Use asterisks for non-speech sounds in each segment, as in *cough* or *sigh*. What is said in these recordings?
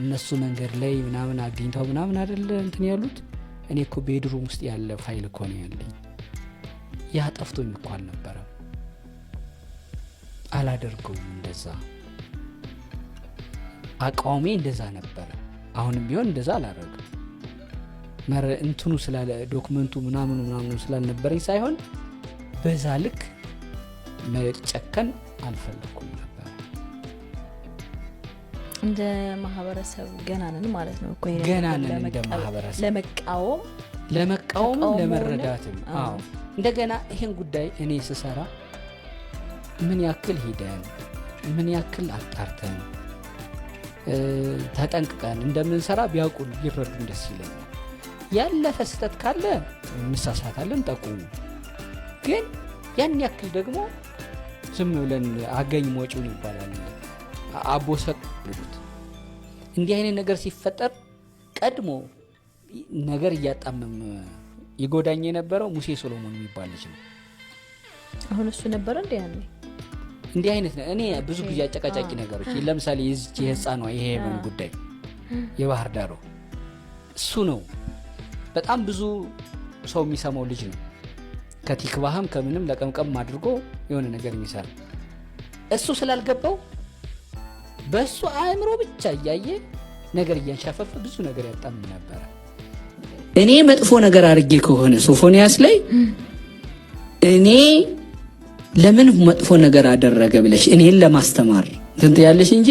እነሱ መንገድ ላይ ምናምን አግኝተው ምናምን አይደለ እንትን ያሉት። እኔ እኮ ቤድሩም ውስጥ ያለ ፋይል እኮ ነው ያለኝ። ያ ጠፍቶ እኮ ነበረ አላደርገውም እንደዛ አቋሜ እንደዛ ነበረ። አሁንም ቢሆን እንደዛ አላደረግም። መረ እንትኑ ስላለ ዶክመንቱ ምናምኑ ምናምኑ ስላልነበረኝ ሳይሆን በዛ ልክ መጨከን ነበር እንደ ማህበረሰብ ገናንን ማለት ነው እኮ ገናንን እንደ ማህበረሰብ ለመቃወም ለመቃወም ለመረዳትም። አዎ እንደገና ይህን ጉዳይ እኔ ስሰራ ምን ያክል ሂደን ምን ያክል አጣርተን ተጠንቅቀን እንደምንሰራ ቢያውቁን ቢረዱን ደስ ይለኛል። ያለፈ ስህተት ካለ እንሳሳታለን፣ ጠቁሙ። ግን ያን ያክል ደግሞ ዝም ብለን አገኝ ወጪውን ይባላል አቦ ሰጥ ብሉት። እንዲህ አይነት ነገር ሲፈጠር ቀድሞ ነገር እያጣመም ይጎዳኝ የነበረው ሙሴ ሶሎሞን የሚባል ልጅ ነው። አሁን እሱ ነበረ እንዲ እንዲህ አይነት እኔ ብዙ ጊዜ አጨቃጫቂ ነገሮች ለምሳሌ የዚች የህፃኗ የሄመን ጉዳይ የባህር ዳሩ እሱ ነው። በጣም ብዙ ሰው የሚሰማው ልጅ ነው። ከቲክባህም ከምንም ለቀምቀም አድርጎ የሆነ ነገር የሚሰራ እሱ ስላልገባው በእሱ አእምሮ ብቻ እያየ ነገር እያንሻፈፈ ብዙ ነገር ያጣምን ነበረ። እኔ መጥፎ ነገር አድርጌ ከሆነ ሶፎንያስ ላይ እኔ ለምን መጥፎ ነገር አደረገ ብለሽ እኔን ለማስተማር ትንት ያለሽ እንጂ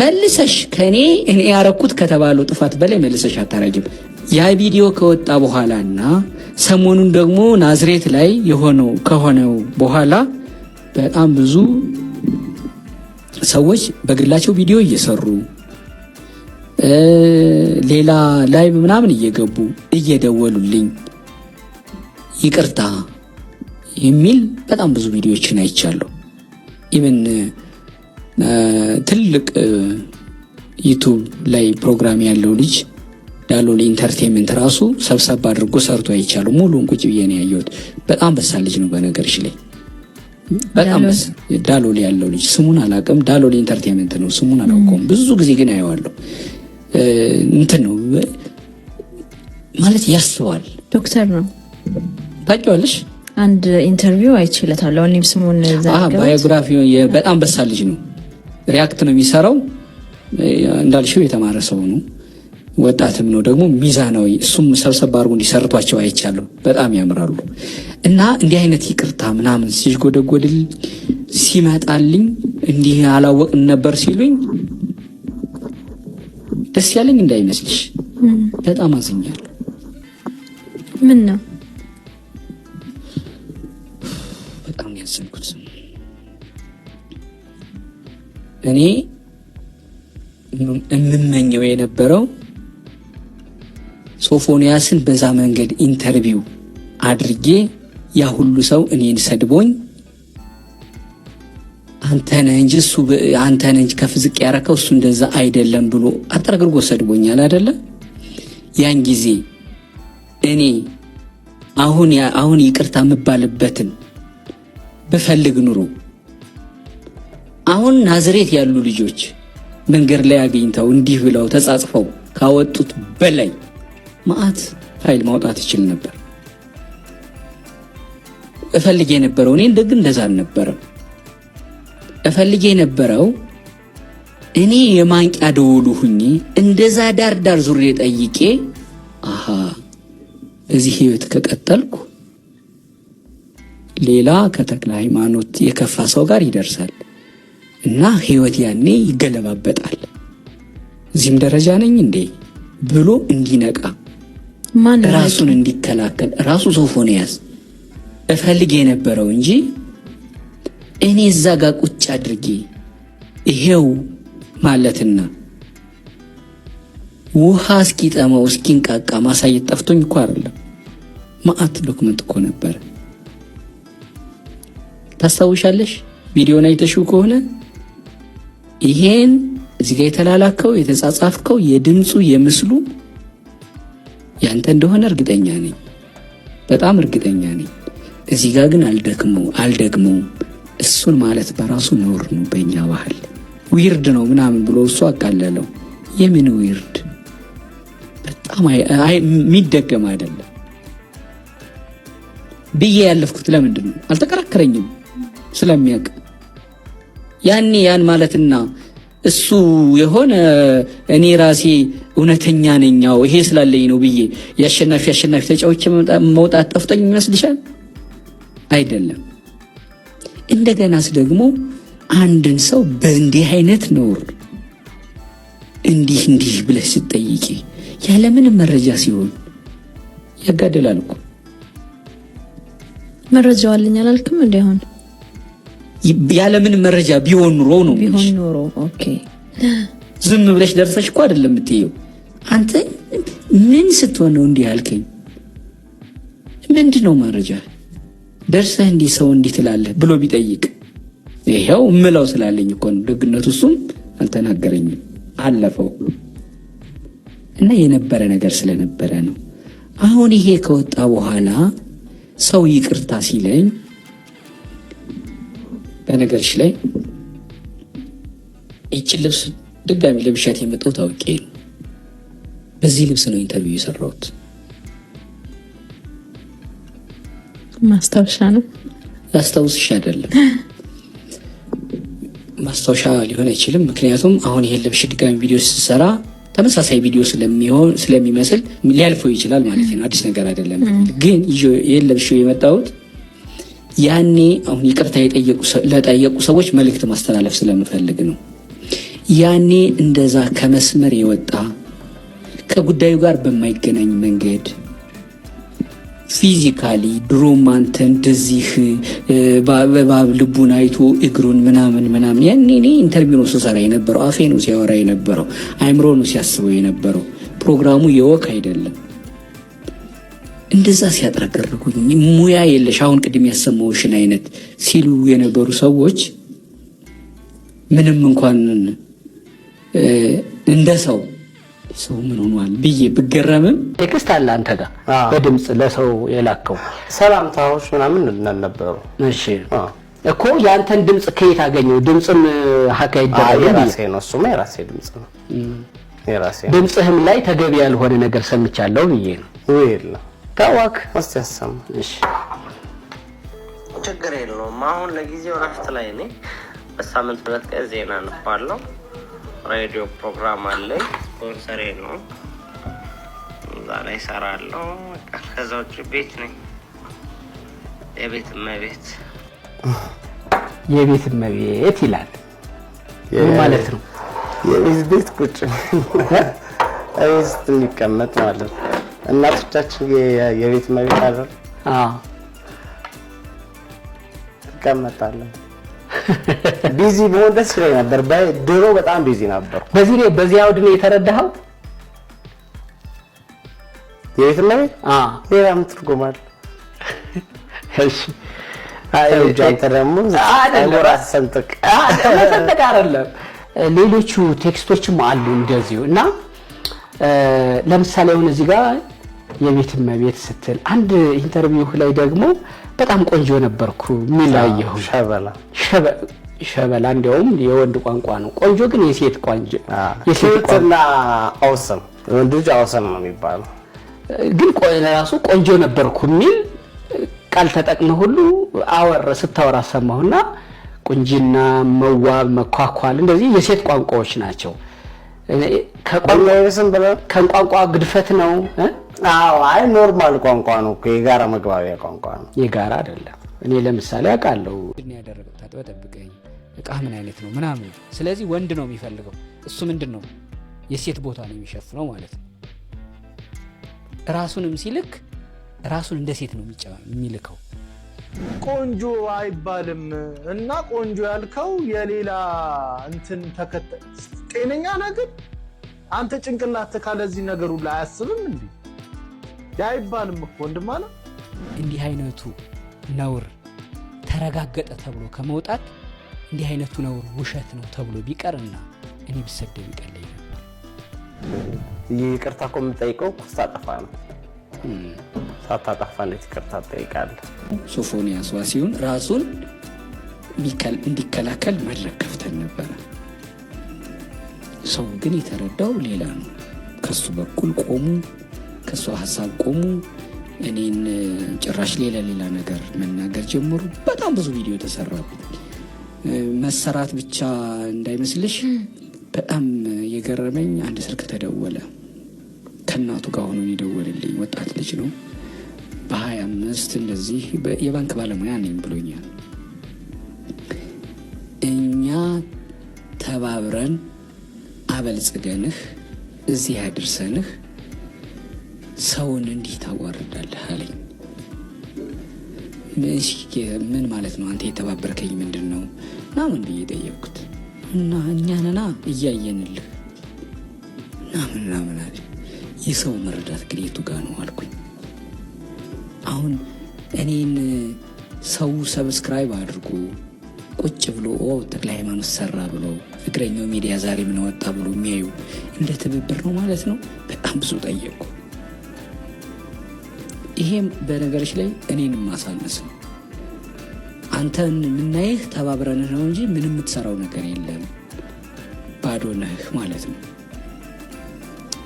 መልሰሽ ከእኔ እኔ ያረኩት ከተባለው ጥፋት በላይ መልሰሽ አታረጅም። ያ ቪዲዮ ከወጣ በኋላና ሰሞኑን ደግሞ ናዝሬት ላይ የሆነው ከሆነው በኋላ በጣም ብዙ ሰዎች በግላቸው ቪዲዮ እየሰሩ ሌላ ላይቭ ምናምን እየገቡ እየደወሉልኝ ይቅርታ የሚል በጣም ብዙ ቪዲዮዎችን አይቻለሁ። ኢቨን ትልቅ ዩቱብ ላይ ፕሮግራም ያለው ልጅ ዳሎል ኢንተርቴንመንት ራሱ ሰብሰብ አድርጎ ሰርቶ አይቻለሁ። ሙሉን ቁጭ ብዬ ነው ያየሁት። በጣም በሳል ልጅ ነው በነገርሽ ላይ በጣም ዳሎል ያለው ልጅ ስሙን አላውቅም። ዳሎል ኢንተርቴንመንት ነው ስሙን አላውቀውም። ብዙ ጊዜ ግን አየዋለሁ። እንትን ነው ማለት ያስባል። ዶክተር ነው ታውቂዋለሽ? አንድ ኢንተርቪው አይችለታለሁ። እኔም ስሙን ባዮግራፊ በጣም በሳል ልጅ ነው። ሪያክት ነው የሚሰራው። እንዳልሽው የተማረ ሰው ነው። ወጣትም ነው ደግሞ ሚዛናዊ እሱም ሰብሰብ አድርጎ እንዲሰርቷቸው አይቻለሁ። በጣም ያምራሉ እና እንዲህ አይነት ይቅርታ ምናምን ሲጎደጎድል ሲመጣልኝ እንዲህ አላወቅን ነበር ሲሉኝ ደስ ያለኝ እንዳይመስልሽ፣ በጣም አዝኛል። ምን ነው በጣም ያዘንኩት እኔ የምመኘው የነበረው ሶፎንያስን በዛ መንገድ ኢንተርቪው አድርጌ ያ ሁሉ ሰው እኔን ሰድቦኝ አንተነህ እንጂ እሱ አንተነህ እንጂ ከፍዝቅ ያረከው እሱ እንደዛ አይደለም ብሎ አጠርግርጎ ሰድቦኛል አይደለ? ያን ጊዜ እኔ አሁን አሁን ይቅርታ የምባልበትን ብፈልግ ኑሮ አሁን ናዝሬት ያሉ ልጆች መንገድ ላይ አግኝተው እንዲህ ብለው ተጻጽፈው ካወጡት በላይ ማአት ፋይል ማውጣት ይችል ነበር። እፈልግ የነበረው እኔ እንደግ እንደዛ አልነበረም። እፈልግ የነበረው እኔ የማንቂያ ደወሉ ሁኜ እንደዛ ዳር ዳር ዙሬ ጠይቄ አሃ እዚህ ህይወት ከቀጠልኩ ሌላ ከተክለ ሃይማኖት የከፋ ሰው ጋር ይደርሳል እና ህይወት ያኔ ይገለባበጣል። እዚህም ደረጃ ነኝ እንዴ ብሎ እንዲነቃ ራሱን እንዲከላከል ራሱ ያዝ እፈልግ የነበረው እንጂ እኔ እዛ ጋር ቁጭ አድርጌ ይሄው ማለትና ውሃ እስኪጠመው እስኪንቃቃ ማሳየት ጠፍቶኝ እኮ አይደለም። ማአት ዶክመንት እኮ ነበረ። ታስታውሻለሽ? ቪዲዮን አይተሽው ከሆነ ይሄን እዚህ ጋር የተላላከው የተጻጻፍከው የድምፁ የምስሉ ያንተ እንደሆነ እርግጠኛ ነኝ፣ በጣም እርግጠኛ ነኝ። እዚህ ጋር ግን አልደግሙ አልደግመውም። እሱን ማለት በራሱ ነውር ነው፣ በእኛ ባህል ዊርድ ነው ምናምን ብሎ እሱ አቃለለው። የምን ዊርድ በጣም የሚደገም አይደለም ብዬ ያለፍኩት ለምንድን ነው? አልተከራከረኝም ስለሚያውቅ ያኔ ያን ማለትና እሱ የሆነ እኔ ራሴ እውነተኛ ነኛው ይሄ ስላለኝ ነው ብዬ የአሸናፊ አሸናፊ ተጫዎች መውጣት ጠፍቶኝ ይመስልሻል? አይደለም። እንደገናስ ደግሞ አንድን ሰው በእንዲህ አይነት ኖር እንዲህ እንዲህ ብለህ ስትጠይቂ ያለምንም መረጃ ሲሆን ያጋደላል እኮ። መረጃው አለኝ አላልክም? እንዲሆን ያለምንም መረጃ ቢሆን ኑሮ ነው ቢሆን ኑሮ ኦኬ ዝም ብለሽ ደርሰሽ እኮ አይደለም የምትየው አንተ ምን ስትሆን ነው እንዲህ ያልከኝ? ምንድን ነው መረጃ ደርሰህ እንዲህ ሰው እንዲህ ትላለህ ብሎ ቢጠይቅ ይኸው እምለው ስላለኝ እኮ ነው። ደግነቱ እሱም አልተናገረኝም አለፈው እና የነበረ ነገር ስለነበረ ነው። አሁን ይሄ ከወጣ በኋላ ሰው ይቅርታ ሲለኝ በነገርሽ ላይ ይቺ ልብስ ድጋሚ ለብሻት የመጣው ታውቄ ነው በዚህ ልብስ ነው ኢንተርቪው የሰራሁት። ማስታወሻ ነው። ላስታውስሽ አይደለም *laughs* ማስታወሻ ሊሆን አይችልም። ምክንያቱም አሁን ይሄን ልብሽ ድጋሚ ቪዲዮ ስትሰራ ተመሳሳይ ቪዲዮ ስለሚሆን ስለሚመስል ሊያልፈው ይችላል ማለት ነው። አዲስ ነገር አይደለም። ግን ይሄን ልብሽ የመጣሁት ያኔ አሁን ይቅርታ ለጠየቁ ሰዎች መልእክት ማስተላለፍ ስለምፈልግ ነው። ያኔ እንደዛ ከመስመር የወጣ ከጉዳዩ ጋር በማይገናኝ መንገድ ፊዚካሊ ድሮም አንተ እንደዚህ በባብ ልቡን አይቶ እግሩን ምናምን ምናምን ያኔ እኔ ኢንተርቪው ነው ስሰራ የነበረው። አፌ ነው ሲያወራ የነበረው። አይምሮ ነው ሲያስበው የነበረው። ፕሮግራሙ የወክ አይደለም። እንደዛ ሲያጥረገርጉኝ ሙያ የለሽ አሁን ቅድም ያሰማውሽን አይነት ሲሉ የነበሩ ሰዎች ምንም እንኳን እንደ ሰው ሰው ምን ሆኗል ብዬ ብገረምም ቴክስት አለ አንተ ጋር በድምፅ ለሰው የላከው ሰላምታዎች ምናምን እንላል ነበሩ። እሺ እኮ የአንተን ድምፅ ከየት አገኘው? ድምፅም ሀካ ይደረግ ነው። እሱማ የራሴ ድምፅ ነው። የራሴ ድምፅህም ላይ ተገቢ ያልሆነ ነገር ሰምቻለሁ ብዬ ነው። ይለ ታዋክ እስቲ ያሰማ። እሺ ችግር የለውም። አሁን ለጊዜው ረፍት ላይ ነኝ። በሳምንት ሁለት ቀን ዜና እንባለው ሬዲዮ ፕሮግራም አለኝ። ስፖንሰሬ ነው። እዛ ላይ ሰራለው። ከዛ ውጭ ቤት ነኝ። የቤት እመቤት የቤት እመቤት ይላል ማለት ነው። የቤት ቤት ቁጭ ቤት የሚቀመጥ ማለት ነው። እናቶቻችን የቤት እመቤት አለ ትቀመጣለን ቢዚ በሆን ደስ ይለኝ ነበር። ድሮ በጣም ቢዚ ነበር። በዚህ ላይ በዚህ አውድ ነው የተረዳኸው። የቤት ላይ ሌላ ምን ትርጉም አለ? *laughs* እሺ አንተ ደግሞ ሰንጥቅ ሰንጥቅ አይደለም። ሌሎቹ ቴክስቶችም አሉ እንደዚሁ እና ለምሳሌ አሁን እዚህ ጋር የቤት እመቤት ስትል አንድ ኢንተርቪው ላይ ደግሞ በጣም ቆንጆ ነበርኩ የሚል ሸበላ ሸበላ እንዲያውም የወንድ ቋንቋ ነው። ቆንጆ ግን የሴት ቋንጆ የሴትና አውሰም ወንድ ልጅ አውሰም ነው የሚባለው። ግን ለራሱ ቆንጆ ነበርኩ የሚል ቃል ተጠቅመ ሁሉ አወረ ስታወራ ሰማሁና ቁንጅና፣ መዋብ፣ መኳኳል እንደዚህ የሴት ቋንቋዎች ናቸው። ከቋንቋ ግድፈት ነው። አይ ኖርማል ቋንቋ ነው። የጋራ መግባቢያ ቋንቋ ነው። የጋራ አይደለም። እኔ ለምሳሌ አውቃለሁ ያደረገው ታጥበህ ጠብቀኝ እቃ ምን አይነት ነው ምናምን። ስለዚህ ወንድ ነው የሚፈልገው እሱ ምንድን ነው የሴት ቦታ ነው የሚሸፍነው ማለት ነው። ራሱንም ሲልክ ራሱን እንደ ሴት ነው የሚልከው። ቆንጆ አይባልም እና ቆንጆ ያልከው የሌላ እንትን ተከተ ጤነኛ ነገር አንተ ጭንቅላት ካለዚህ ነገሩ ላይ አያስብም እንዲ አይባልም እኮ ወንድም አለ። እንዲህ አይነቱ ነውር ተረጋገጠ ተብሎ ከመውጣት እንዲህ አይነቱ ነውር ውሸት ነው ተብሎ ቢቀርና እኔ ብሰደብ ይቀለኝ ነበር። ይህ ይቅርታ እኮ የምጠይቀው ስታጠፋ ነው። ሳታጠፋ እንዴት ይቅርታ ትጠይቃለህ? ሶፎንያስ ዋሲሁን ራሱን እንዲከላከል መድረክ ከፍተን ነበረ። ሰው ግን የተረዳው ሌላ ነው። ከሱ በኩል ቆሙ፣ ከሱ ሀሳብ ቆሙ። እኔን ጭራሽ ሌላ ሌላ ነገር መናገር ጀመሩ። በጣም ብዙ ቪዲዮ ተሰራብኝ። መሰራት ብቻ እንዳይመስልሽ። በጣም የገረመኝ አንድ ስልክ ተደወለ። ከእናቱ ጋር ሆኖ የደወለልኝ ወጣት ልጅ ነው። በሀያ አምስት እንደዚህ የባንክ ባለሙያ ነኝ ብሎኛል። እኛ ተባብረን አበልጽገንህ እዚህ ያድርሰንህ ሰውን እንዲህ ታዋርዳለህ አለኝ። ምን ማለት ነው? አንተ የተባበርከኝ ምንድን ነው? ምናምን ብዬ ጠየቅኩት እና እኛንና እያየንልህ ምናምን ምናምን አለ። የሰው መረዳት ግን የቱ ጋ ነው አልኩኝ። አሁን እኔን ሰው ሰብስክራይብ አድርጎ ቁጭ ብሎ ተክለ ሃይማኖት ሰራ ብሎ እግረኛው ሚዲያ ዛሬ ምን ወጣ ብሎ የሚያዩ እንደ ትብብር ነው ማለት ነው። በጣም ብዙ ጠየቁ። ይሄም በነገሮች ላይ እኔንም ማሳነስ ነው። አንተን የምናይህ ተባብረንህ ነው እንጂ ምን የምትሰራው ነገር የለም፣ ባዶ ነህ ማለት ነው።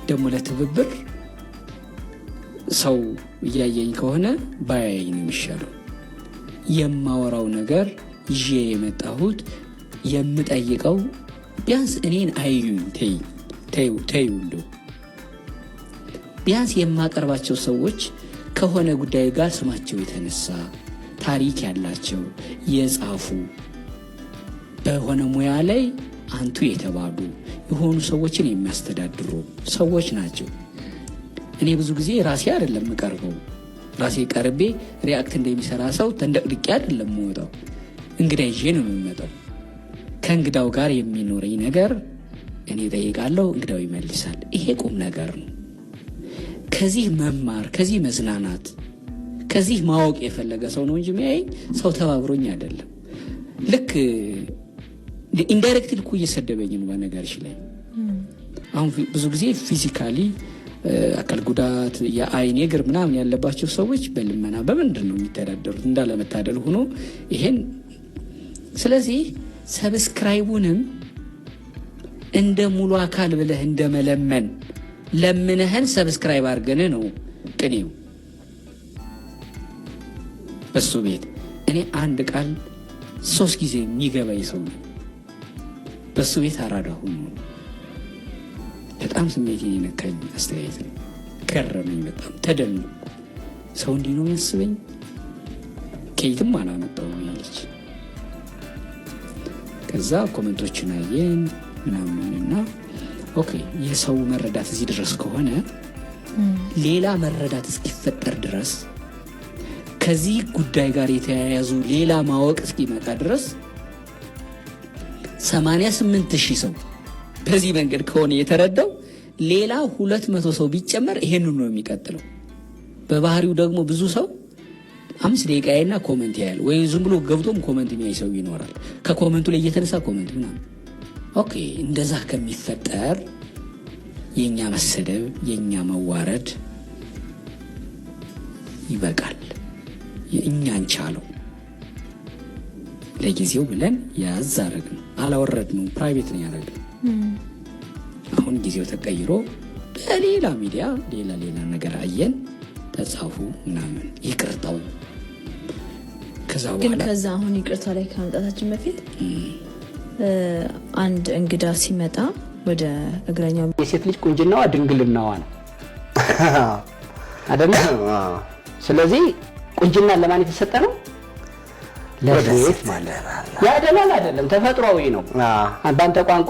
ደግሞ ለትብብር ሰው እያየኝ ከሆነ ባያየኝ ነው የሚሻለው። የማወራው ነገር ይዤ የመጣሁት የምጠይቀው ቢያንስ እኔን አዩኝ፣ ተዩ እንዶ ቢያንስ የማቀርባቸው ሰዎች ከሆነ ጉዳይ ጋር ስማቸው የተነሳ ታሪክ ያላቸው የጻፉ በሆነ ሙያ ላይ አንቱ የተባሉ የሆኑ ሰዎችን የሚያስተዳድሩ ሰዎች ናቸው። እኔ ብዙ ጊዜ ራሴ አይደለም የምቀርበው። ራሴ ቀርቤ ሪያክት እንደሚሰራ ሰው ተንደቅድቄ አይደለም የምወጣው። እንግዳ ይዤ ነው የምመጣው። ከእንግዳው ጋር የሚኖረኝ ነገር እኔ ጠይቃለሁ፣ እንግዳው ይመልሳል። ይሄ ቁም ነገር ነው። ከዚህ መማር ከዚህ መዝናናት ከዚህ ማወቅ የፈለገ ሰው ነው እንጂ ሚያይ ሰው ተባብሮኝ አይደለም። ልክ ኢንዳይሬክት ልኩ እየሰደበኝ ነው። በነገርሽ ላይ አሁን ብዙ ጊዜ ፊዚካሊ አካል ጉዳት የአይን የግር ምናምን ያለባቸው ሰዎች በልመና በምንድን ነው የሚተዳደሩት? እንዳለመታደል ሆኖ ይሄን ስለዚህ ሰብስክራይቡንም እንደ ሙሉ አካል ብለህ እንደመለመን ለምንህን ሰብስክራይብ አርገን ነው ቅኔው እሱ ቤት እኔ አንድ ቃል ሶስት ጊዜ የሚገባኝ ሰው ነው። በእሱ ቤት አራዳሁም በጣም ስሜት የነካኝ አስተያየት ነው። ገረመኝ፣ በጣም ተደም ሰው እንዲህ ነው የሚያስበኝ፣ ከየትም አላመጣሁም ያለች። ከዛ ኮመንቶችን አየን ምናምንና ኦኬ የሰው መረዳት እዚህ ድረስ ከሆነ ሌላ መረዳት እስኪፈጠር ድረስ ከዚህ ጉዳይ ጋር የተያያዙ ሌላ ማወቅ እስኪመጣ ድረስ 88 ሺህ ሰው በዚህ መንገድ ከሆነ የተረዳው ሌላ 200 ሰው ቢጨመር ይሄንን ነው የሚቀጥለው። በባህሪው ደግሞ ብዙ ሰው አምስት ደቂቃዬና ኮመንት ያያል ወይ ዝም ብሎ ገብቶም ኮመንት የሚያይ ሰው ይኖራል። ከኮመንቱ ላይ እየተነሳ ኮመንት ምናምን። ኦኬ እንደዛ ከሚፈጠር የእኛ መሰደብ የእኛ መዋረድ ይበቃል። የእኛን ቻለው ለጊዜው ብለን ያዝ አላወረድ ነው ፕራይቬት ነው ያደረግነው። አሁን ጊዜው ተቀይሮ በሌላ ሚዲያ ሌላ ሌላ ነገር አየን፣ ተጻፉ ምናምን ይቅርታው ግን ከዛ አሁን ይቅርታ ላይ ከመምጣታችን በፊት አንድ እንግዳ ሲመጣ ወደ እግረኛው የሴት ልጅ ቁንጅናዋ ድንግልናዋ ነው *laughs* አይደለ? ስለዚህ ቁንጅና ለማን የተሰጠ ነው? ለሴት ያደላል አይደለም፣ ተፈጥሯዊ ነው። በአንተ ቋንቋ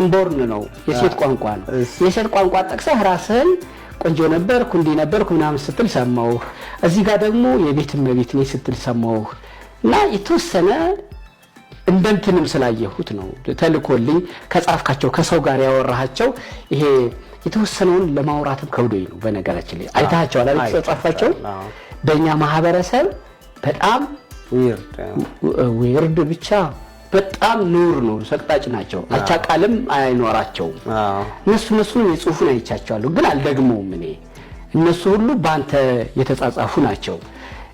ኢንቦርን ነው፣ የሴት ቋንቋ ነው። የሴት ቋንቋ ጠቅሰህ ራስህን ቆንጆ ነበርኩ እንዲህ ነበርኩ ምናምን ስትል ሰማሁህ። እዚህ ጋር ደግሞ የቤት እመቤት ነኝ ስትል ሰማሁህ እና የተወሰነ እንደንትንም ስላየሁት ነው ተልኮልኝ ከጻፍካቸው ከሰው ጋር ያወራሃቸው ይሄ የተወሰነውን ለማውራትም ከብዶኝ ነው። በነገራችን ላይ አይታቸዋል አለ ተጻጻፋቸው በእኛ ማህበረሰብ በጣም ዊርድ ብቻ በጣም ኑር ኑር ሰቅጣጭ ናቸው። አቻ ቃልም አይኖራቸውም። እነሱ እነሱ የጽሁፉን አይቻቸዋለሁ፣ ግን አልደግመውም እኔ እነሱ ሁሉ በአንተ የተጻጻፉ ናቸው።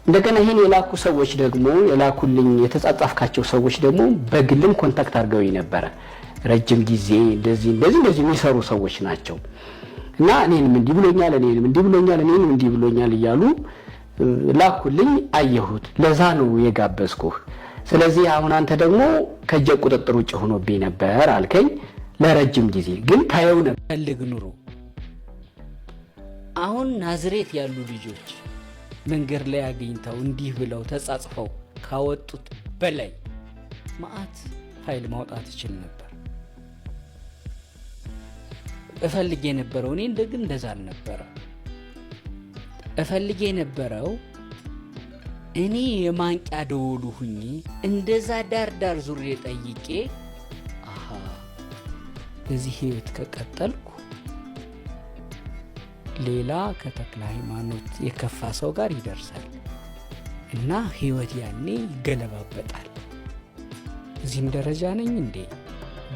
እንደገና ይህን የላኩ ሰዎች ደግሞ የላኩልኝ የተጻጻፍካቸው ሰዎች ደግሞ በግልም ኮንታክት አድርገው ነበረ ረጅም ጊዜ እንደዚህ እንደዚህ እንደዚህ የሚሰሩ ሰዎች ናቸው እና እኔንም እንዲህ ብሎኛል፣ እኔንም እንዲህ ብሎኛል፣ እኔንም እንዲህ ብሎኛል እያሉ ላኩልኝ፣ አየሁት። ለዛ ነው የጋበዝኩህ። ስለዚህ አሁን አንተ ደግሞ ከእጄ ቁጥጥር ውጭ ሆኖብኝ ነበር አልከኝ። ለረጅም ጊዜ ግን ታየው ነበር። ፈልግ ኑሮ አሁን ናዝሬት ያሉ ልጆች መንገድ ላይ አግኝተው እንዲህ ብለው ተጻጽፈው ካወጡት በላይ መዓት ፋይል ማውጣት ይችል ነበር። እፈልግ የነበረው እኔ እንደግ እንደዛ አልነበረ እፈልግ የነበረው እኔ የማንቂያ ደወሉ ሁኝ እንደዛ ዳር ዳር ዙሬ ጠይቄ በዚህ ህይወት ከቀጠልኩ ሌላ ከተክለ ሃይማኖት የከፋ ሰው ጋር ይደርሳል እና ህይወት ያኔ ይገለባበጣል። እዚህም ደረጃ ነኝ እንዴ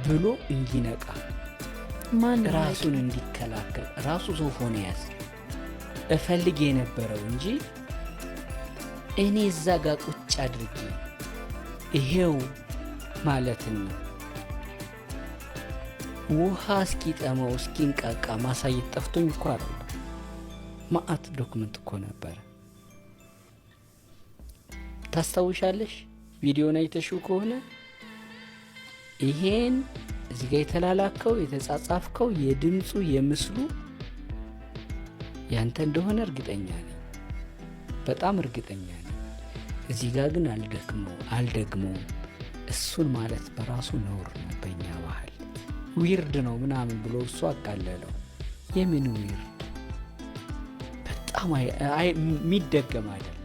ብሎ እንዲነቃ ራሱን እንዲከላከል ራሱ ያዝ እፈልግ የነበረው እንጂ እኔ እዛ ጋር ቁጭ አድርጌ ይሄው ማለትን ነው። ውሃ እስኪጠመው እስኪንቃቃ ማሳየት ጠፍቶኝ እኮ አለ ማአት ዶክመንት እኮ ነበረ። ታስታውሻለሽ? ቪዲዮን አይተሽው ከሆነ ይሄን እዚህ ጋር የተላላከው የተጻጻፍከው የድምፁ የምስሉ ያንተ እንደሆነ እርግጠኛ ነኝ፣ በጣም እርግጠኛ ነኝ። እዚህ ጋር ግን አልደግሞ አልደግሞ እሱን ማለት በራሱ ነውር ነው፣ በእኛ ባህል ዊርድ ነው ምናምን ብሎ እሱ አቃለለው። የምን ዊርድ በጣም የሚደገም አይደለም።